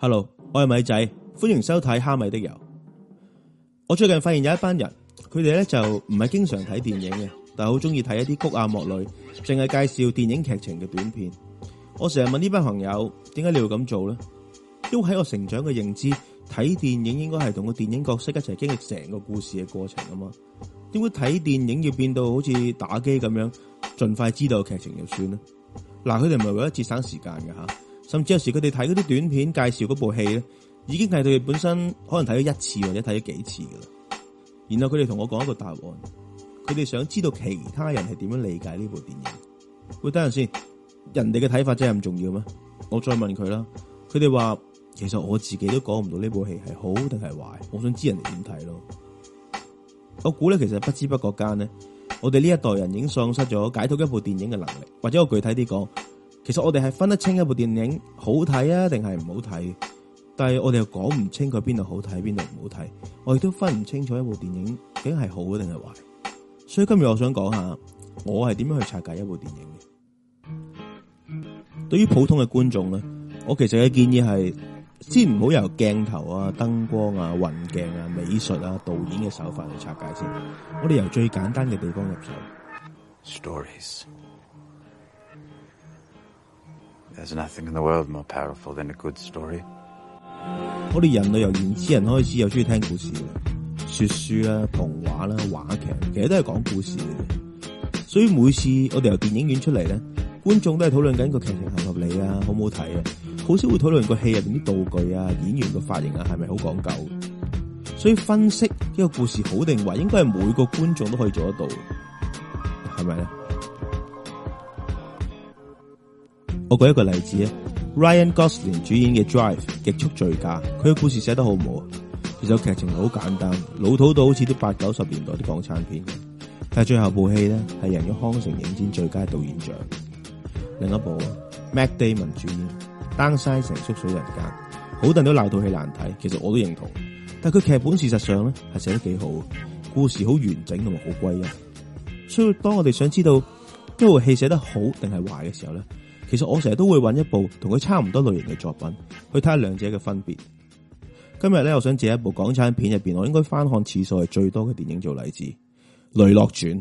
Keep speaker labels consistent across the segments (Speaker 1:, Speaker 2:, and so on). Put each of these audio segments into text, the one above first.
Speaker 1: Hello，我係米仔，歡迎收睇蝦米的油。我最近發現有一班人，佢哋咧就唔係經常睇電影嘅，但係好中意睇一啲谷阿莫類，淨係介紹電影劇情嘅短片。我成日問呢班朋友，點解你要咁做咧？因為喺我成長嘅認知，睇電影應該係同個電影角色一齊經歷成個故事嘅過程啊嘛。點解睇電影要變到好似打機咁樣，盡快知道劇情就算啦。嗱，佢哋唔係為咗節省時間嘅吓。甚至有時佢哋睇嗰啲短片介紹嗰部戲咧，已經係佢哋本身可能睇咗一次或者睇咗幾次噶啦。然後佢哋同我講一個答案，佢哋想知道其他人係點樣理解呢部電影。喂，等陣先，人哋嘅睇法真係咁重要咩？我再問佢啦。佢哋話，其實我自己都講唔到呢部戲係好定係壞。我想知人哋點睇咯。我估咧，其實不知不覺間咧，我哋呢一代人已經喪失咗解讀一部電影嘅能力，或者我具體啲講。其實我哋係分得清一部電影好睇啊，定係唔好睇，但係我哋又講唔清佢邊度好睇，邊度唔好睇。我亦都分唔清楚一部電影究竟係好定係壞。所以今日我想講下，我係點樣去拆解一部電影嘅。對於普通嘅觀眾咧，我其實嘅建議係先唔好由鏡頭啊、燈光啊、運鏡啊、美術啊、導演嘅手法去拆解先。我哋由最簡單嘅地方入手。Stories。There's nothing in the world more powerful than a good story. 我哋人類由原始人開始又中意聽故事啦，說書啦、童話啦、話劇，其實都係講故事。所以每次我哋由電影院出嚟咧，觀眾都係討論緊個劇情合唔合理啊，好唔好睇啊。好少會討論個戲入邊啲道具啊、演員個髮型啊，係咪好講究？所以分析一個故事好定壞，應該係每個觀眾都可以做得到，係咪咧？我舉一個例子啊，Ryan Gosling 主演嘅《Drive》極速醉駕，佢嘅故事寫得好唔好？其實劇情好簡單，老土到好似啲八九十年代啲港產片，但係最後部戲咧，係贏咗康城影展最佳導演獎。另一部 Matt Damon 主演《Downsizing》縮水人間，好多人都鬧套戲難睇，其實我都認同。但係佢劇本事實上咧係寫得幾好，故事好完整同埋好貴嘅。所以當我哋想知道呢部戲寫得好定係壞嘅時候咧，其實我成日都會揾一部同佢差唔多類型嘅作品去睇下兩者嘅分別。今日咧，我想借一部港產片入邊，我應該翻看次數係最多嘅電影做例子，《雷洛傳》。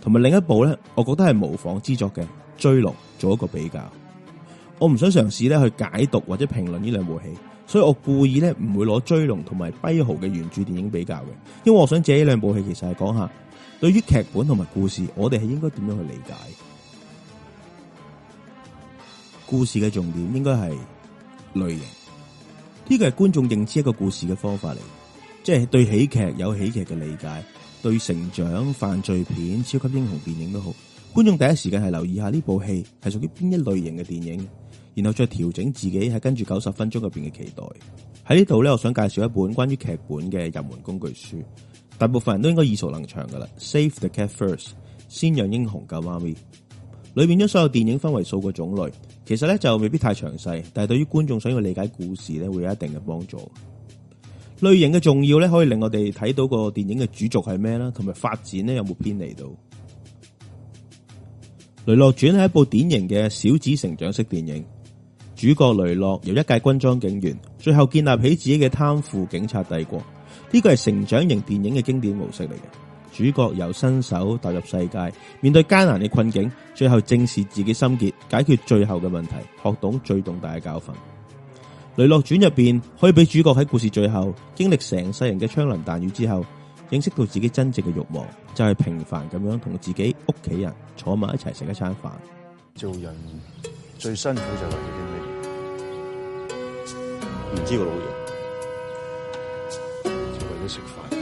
Speaker 1: 同埋另一部咧，我覺得係模仿之作嘅《追龍》，做一個比較。我唔想嘗試咧去解讀或者評論呢兩部戲。所以我故意咧唔會攞《追龍》同埋《跛豪》嘅原著電影比較嘅，因為我想借呢兩部戲，其實係講下對於劇本同埋故事，我哋係應該點樣去理解？故事嘅重點應該係類型，呢個係觀眾認知一個故事嘅方法嚟，即係對喜劇有喜劇嘅理解，對成長、犯罪片、超級英雄電影都好，觀眾第一時間係留意下呢部戲係屬於邊一類型嘅電影。然後再調整自己喺跟住九十分鐘入邊嘅期待。喺呢度咧，我想介紹一本關於劇本嘅入門工具書。大部分人都應該耳熟能詳噶啦。Save the Cat First，先讓英雄救媽咪。裏面將所有電影分為數個種類，其實咧就未必太詳細，但係對於觀眾想要理解故事咧，會有一定嘅幫助。類型嘅重要咧，可以令我哋睇到個電影嘅主軸係咩啦，同埋發展咧有冇偏離到。雷洛傳係一部典型嘅小子成長式電影。主角雷洛由一介軍裝警員，最後建立起自己嘅貪腐警察帝國。呢個係成長型電影嘅經典模式嚟嘅。主角由新手踏入世界，面對艱難嘅困境，最後正視自己心結，解決最後嘅問題，學懂最重大嘅教訓。雷洛傳入邊可以俾主角喺故事最後經歷成世人嘅槍林彈雨之後，認識到自己真正嘅慾望就係平凡咁樣同自己屋企人坐埋一齊食一餐飯。做人最辛苦就係唔知個老人，就為咗食飯。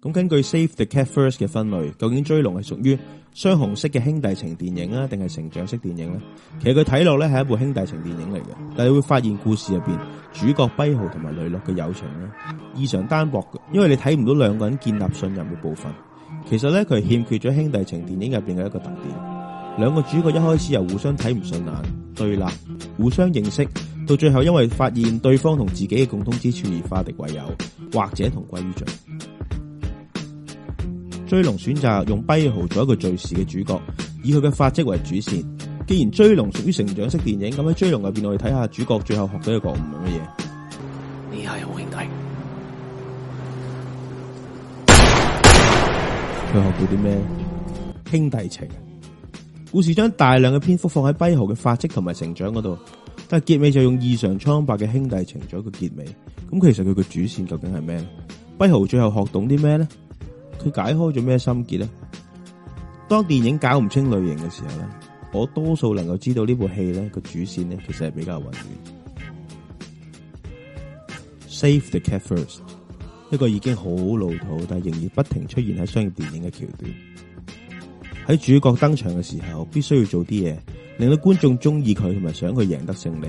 Speaker 1: 咁根據《Save the Cat First》嘅分類，究竟《追龍》係屬於雙紅色嘅兄弟情電影呀，定係成長式電影咧？其實佢睇落咧係一部兄弟情電影嚟嘅，但係你會發現故事入邊主角跛豪同埋雷洛嘅友情咧異常單薄嘅，因為你睇唔到兩個人建立信任嘅部分。其實咧佢係欠缺咗兄弟情電影入邊嘅一個特點。兩個主角一開始又互相睇唔順眼，對立，互相認識。到最後，因為發現對方同自己嘅共通之處而化敵為友，或者同歸於盡。追龍選擇用跛豪做一個敘事嘅主角，以佢嘅發跡為主線。既然追龍屬於成長式電影，咁喺追龍入邊，我哋睇下主角最後學到一個唔同嘅嘢。你係好兄弟，佢學過啲咩？兄弟情。故事將大量嘅篇幅放喺跛豪嘅發跡同埋成長嗰度。但係結尾就用異常蒼白嘅兄弟情做一個結尾，咁其實佢嘅主線究竟係咩？跛豪最後學懂啲咩咧？佢解開咗咩心結咧？當電影搞唔清類型嘅時候咧，我多數能夠知道呢部戲咧個主線咧其實係比較混亂。Save the Cat First，一個已經好老土，但係仍然不停出現喺商業電影嘅橋段。喺主角登場嘅時候，必須要做啲嘢。令到觀眾中意佢同埋想佢贏得勝利，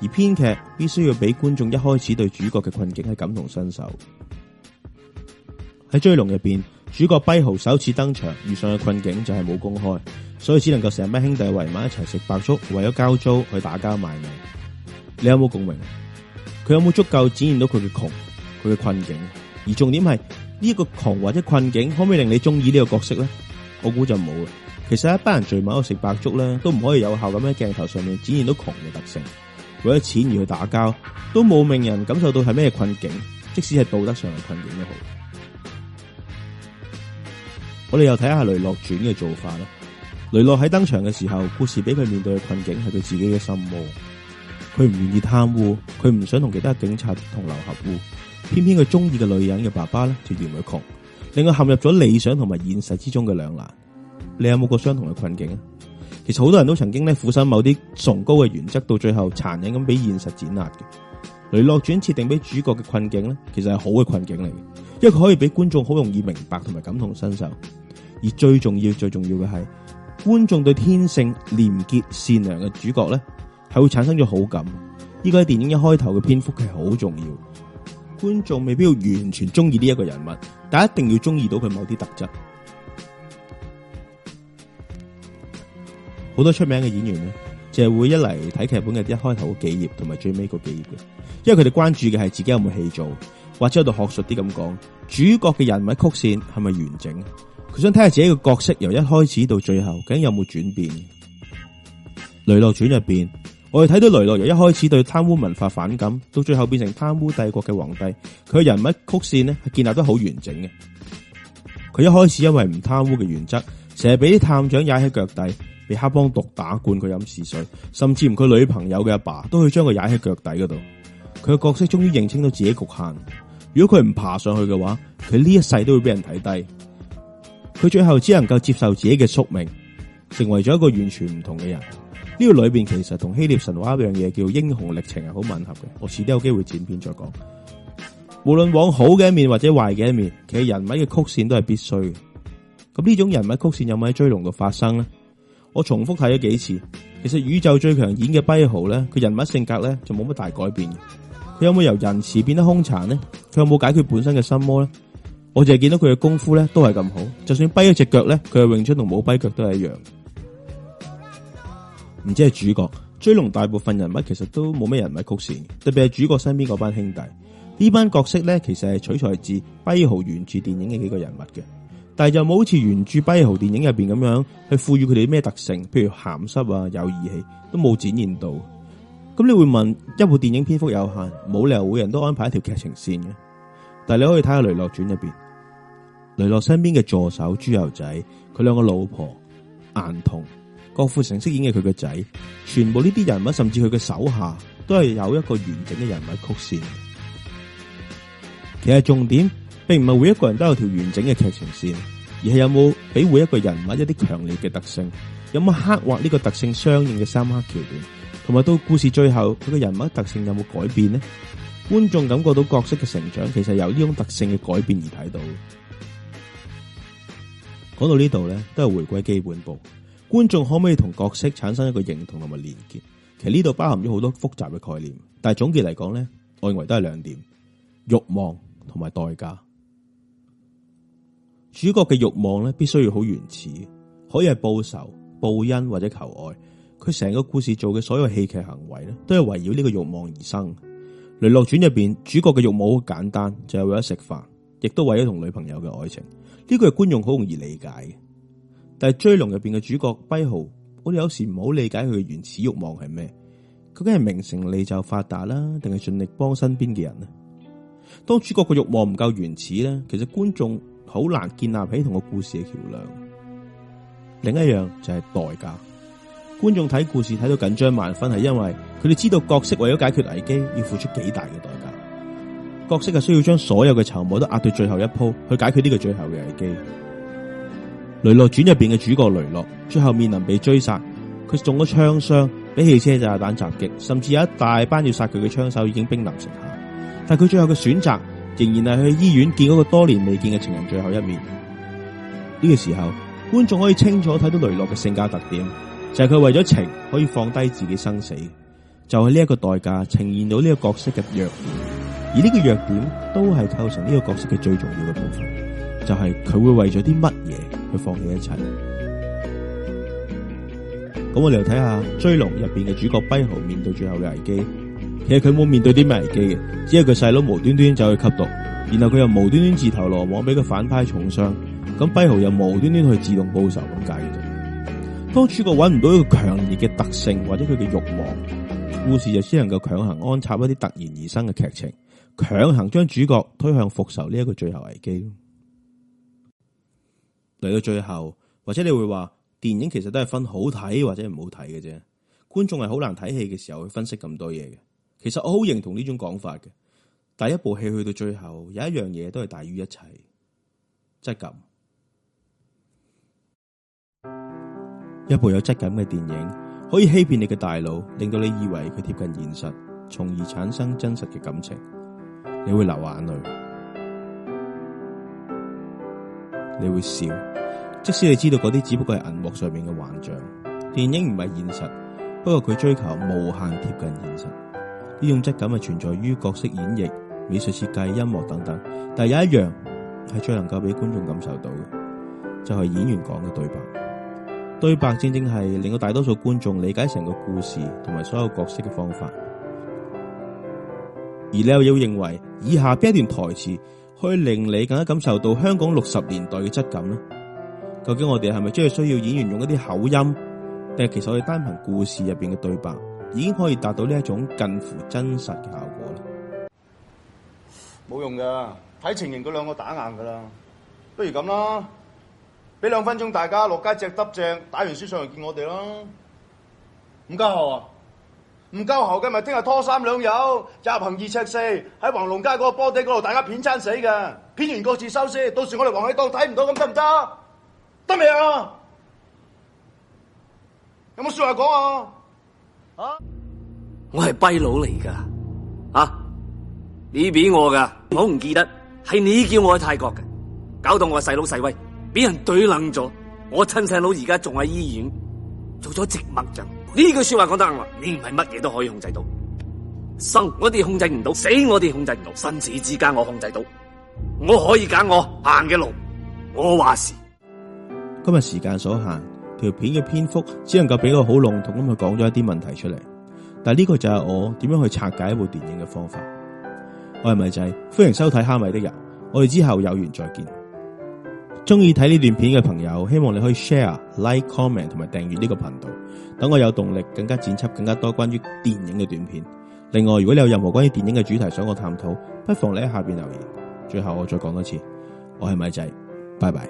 Speaker 1: 而編劇必須要俾觀眾一開始對主角嘅困境係感同身受。喺追龍入邊，主角跛豪首次登場，遇上嘅困境就係冇工開，所以只能夠成班兄弟圍埋一齊食白粥，為咗交租去打交賣命。你有冇共鳴？佢有冇足夠展現到佢嘅窮，佢嘅困境？而重點係呢一個窮或者困境可唔可以令你中意呢個角色咧？我估就冇。其實一班人聚埋喺度食白粥咧，都唔可以有效咁喺鏡頭上面展現到窮嘅特性。為咗錢而去打交，都冇命人感受到係咩困境，即使係道德上嘅困境都好。我哋又睇下雷洛傳嘅做法啦。雷洛喺登場嘅時候，故事俾佢面對嘅困境係佢自己嘅心魔。佢唔願意貪污，佢唔想同其他警察同流合污。偏偏佢中意嘅女人嘅爸爸咧，就嫌佢窮，令佢陷入咗理想同埋現實之中嘅兩難。你有冇過相同嘅困境啊？其實好多人都曾經咧俯身某啲崇高嘅原則，到最後殘忍咁俾現實碾壓嘅。雷洛傳設定俾主角嘅困境咧，其實係好嘅困境嚟嘅，因為佢可以俾觀眾好容易明白同埋感同身受。而最重要、最重要嘅係，觀眾對天性廉潔善良嘅主角咧，係會產生咗好感。呢個喺電影一開頭嘅篇幅係好重要。觀眾未必要完全中意呢一個人物，但一定要中意到佢某啲特質。好多出名嘅演員咧，就係會一嚟睇劇本嘅一開頭嘅幾頁，同埋最尾嗰幾頁嘅，因為佢哋關注嘅係自己有冇戲做，或者喺度學術啲咁講，主角嘅人物曲線係咪完整？佢想睇下自己嘅角色由一開始到最後，究竟有冇轉變？《雷洛傳》入邊，我哋睇到雷洛由一開始對貪污文化反感，到最後變成貪污帝國嘅皇帝，佢嘅人物曲線咧係建立得好完整嘅。佢一開始因為唔貪污嘅原則，成日俾啲探長踩喺腳底。被黑幫毒打灌，佢飲屎水，甚至連佢女朋友嘅阿爸,爸都可以將佢踩喺腳底嗰度。佢嘅角色終於認清到自己局限，如果佢唔爬上去嘅話，佢呢一世都會俾人睇低。佢最後只能夠接受自己嘅宿命，成為咗一個完全唔同嘅人。呢個裏邊其實同希臘神話一樣嘢，叫英雄歷程，係好吻合嘅。我遲啲都有機會剪片再講。無論往好嘅一面或者壞嘅一面，其實人物嘅曲線都係必須嘅。咁呢種人物曲線有冇喺追龍度發生咧？我重複睇咗幾次，其實宇宙最強演嘅跛豪咧，佢人物性格咧就冇乜大改變。佢有冇由仁慈變得凶殘咧？佢有冇解決本身嘅心魔咧？我就係見到佢嘅功夫咧都係咁好，就算跛咗隻腳咧，佢嘅詠春同冇跛腳都係一樣。唔止係主角，追龍大部分人物其實都冇咩人物曲線，特別係主角身邊嗰班兄弟呢班角色咧，其實係取材自跛豪原著電影嘅幾個人物嘅。但係就冇好似原著《跛豪》電影入邊咁樣去賦予佢哋咩特性，譬如鹹濕啊、有義氣，都冇展現到。咁你會問，一部電影篇幅有限，冇理由每人都安排一條劇情線嘅。但係你可以睇下《雷洛傳》入邊，雷洛身邊嘅助手豬油仔，佢兩個老婆，顏童，郭富城飾演嘅佢嘅仔，全部呢啲人物，甚至佢嘅手下，都係有一個完整嘅人物曲線。其實重點。並唔係每一個人都有條完整嘅劇情線，而係有冇俾每一個人物一啲強烈嘅特性，有冇刻畫呢個特性相應嘅三刻橋段，同埋到故事最後佢個人物特性有冇改變呢？觀眾感覺到角色嘅成長，其實由呢種特性嘅改變而睇到。講到呢度咧，都係回歸基本步。觀眾可唔可以同角色產生一個認同同埋連結？其實呢度包含咗好多複雜嘅概念，但係總結嚟講咧，我認為都係兩點：慾望同埋代價。主角嘅欲望咧，必須要好原始，可以係報仇、報恩或者求愛。佢成個故事做嘅所有戲劇行為咧，都係圍繞呢個欲望而生。《雷洛傳》入邊主角嘅欲望好簡單，就係為咗食飯，亦都為咗同女朋友嘅愛情。呢個係觀眾好容易理解嘅。但係《追龍》入邊嘅主角跛豪，我哋有時唔好理解佢嘅原始欲望係咩？究竟係名成利就發達啦，定係盡力幫身邊嘅人呢？當主角嘅欲望唔夠原始咧，其實觀眾，好難建立起同個故事嘅橋樑。另一樣就係代價。觀眾睇故事睇到緊張萬分，係因為佢哋知道角色為咗解決危機要付出幾大嘅代價。角色係需要將所有嘅籌碼都壓到最後一鋪去解決呢個最後嘅危機。《雷洛傳》入邊嘅主角雷洛最後面臨被追殺，佢中咗槍傷，俾汽車炸彈襲擊，甚至有一大班要殺佢嘅槍手已經兵臨城下，但係佢最後嘅選擇。仍然係去醫院見嗰個多年未見嘅情人最後一面。呢個時候，觀眾可以清楚睇到雷洛嘅性格特點，就係佢為咗情可以放低自己生死，就係呢一個代價呈現到呢個角色嘅弱點。而呢個弱點都係構成呢個角色嘅最重要嘅部分，就係佢會為咗啲乜嘢去放棄一切。咁我哋又睇下《追龍》入邊嘅主角跛豪面對最後嘅危機。其實佢冇面對啲咩危機嘅，只係佢細佬無端端走去吸毒，然後佢又無端端自投羅網，俾佢反派重傷。咁跛豪又無端端去自動報仇咁解，當主角揾唔到一個強烈嘅特性或者佢嘅慾望，故事就先能夠強行安插一啲突然而生嘅劇情，強行將主角推向復仇呢一個最後危機。嚟到最後，或者你會話電影其實都係分好睇或者唔好睇嘅，啫觀眾係好難睇戲嘅時候去分析咁多嘢嘅。其實我好認同呢種講法嘅，第一部戲去到最後有一樣嘢都係大於一切，質感。一部有質感嘅電影可以欺騙你嘅大腦，令到你以為佢貼近現實，從而產生真實嘅感情。你會流眼淚，你會笑，即使你知道嗰啲只不過係銀幕上面嘅幻象，電影唔係現實，不過佢追求無限貼近現實。呢種質感啊，存在於角色演繹、美術設計、音樂等等，但有一樣係最能夠俾觀眾感受到嘅，就係演員講嘅對白。對白正正係令到大多數觀眾理解成個故事同埋所有角色嘅方法。而你又要認為以下邊一段台詞，可以令你更加感受到香港六十年代嘅質感咧？究竟我哋係咪真係需要演員用一啲口音，定係其實我哋單憑故事入邊嘅對白？已經可以達到呢一種近乎真實嘅效果啦。冇用噶，睇情形，嗰兩個打硬噶啦。不如咁啦，俾兩分鐘大家落街隻耷隻，打完書上嚟見我哋囉。唔夠喉啊，唔夠喉，今日聽日拖三兩友，入行二尺四，喺黃龍街嗰個波地嗰度，大家片餐死噶，片完各自收屍。到時我哋黃喜當睇唔到，咁得唔得？得未啊？有冇說話講啊？啊、我係跛佬嚟噶，啊！你俾我噶，我唔記得係你叫我去泰國嘅，搞到我細佬細威俾人懟冧咗，我親細佬而家仲喺醫院做咗植物人。呢句話說話講得啱啦，你唔係乜嘢都可以控制到，生我哋控制唔到，死我哋控制唔到，生死之間我控制到，我可以揀我行嘅路，我話事。今日時間所限。條片嘅篇幅只能夠比較好籠統咁去講咗一啲問題出嚟，但係呢個就係我點樣去拆解一部電影嘅方法。我係咪仔？歡迎收睇蝦米的油，我哋之後有緣再見。鍾意睇呢段片嘅朋友，希望你可以 share、like、comment 同埋訂閱呢個頻道，等我有動力更加剪輯更加多關於電影嘅短片。另外，如果你有任何關於電影嘅主題想我探討，不妨你喺下邊留言。最後，我再講多次，我係咪仔，拜拜。